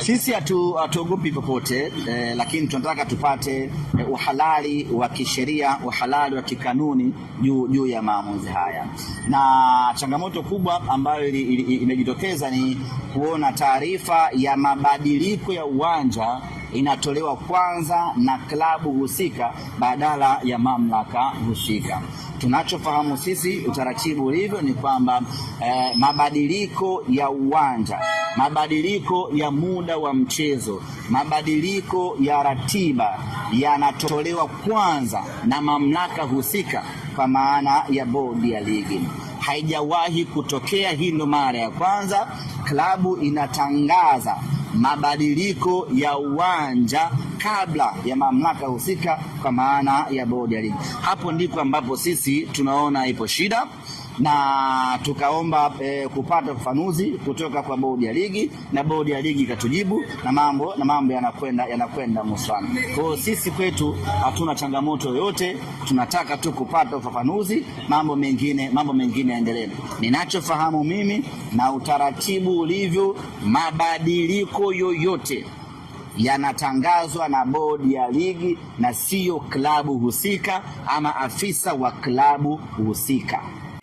Sisi hatuogopi popote eh, lakini tunataka tupate eh, uhalali wa kisheria, uhalali wa kikanuni juu juu ya maamuzi haya, na changamoto kubwa ambayo imejitokeza ni kuona taarifa ya mabadiliko ya uwanja inatolewa kwanza na klabu husika badala ya mamlaka husika. Tunachofahamu sisi utaratibu ulivyo ni kwamba eh, mabadiliko ya uwanja, mabadiliko ya muda wa mchezo, mabadiliko ya ratiba yanatolewa kwanza na mamlaka husika kwa maana ya bodi ya ligi. Haijawahi kutokea hii, ndo mara ya kwanza klabu inatangaza mabadiliko ya uwanja kabla ya mamlaka husika, kwa maana ya bodi ya ligi. Hapo ndiko ambapo sisi tunaona ipo shida na tukaomba e, kupata ufafanuzi kutoka kwa bodi ya ligi na bodi ya ligi ikatujibu, na mambo na mambo yanakwenda yanakwenda musana. Kwa hiyo sisi kwetu hatuna changamoto yoyote, tunataka tu kupata ufafanuzi, mambo mengine mambo mengine yaendelee. Ninachofahamu mimi na utaratibu ulivyo, mabadiliko yoyote yanatangazwa na bodi ya ligi na siyo klabu husika ama afisa wa klabu husika.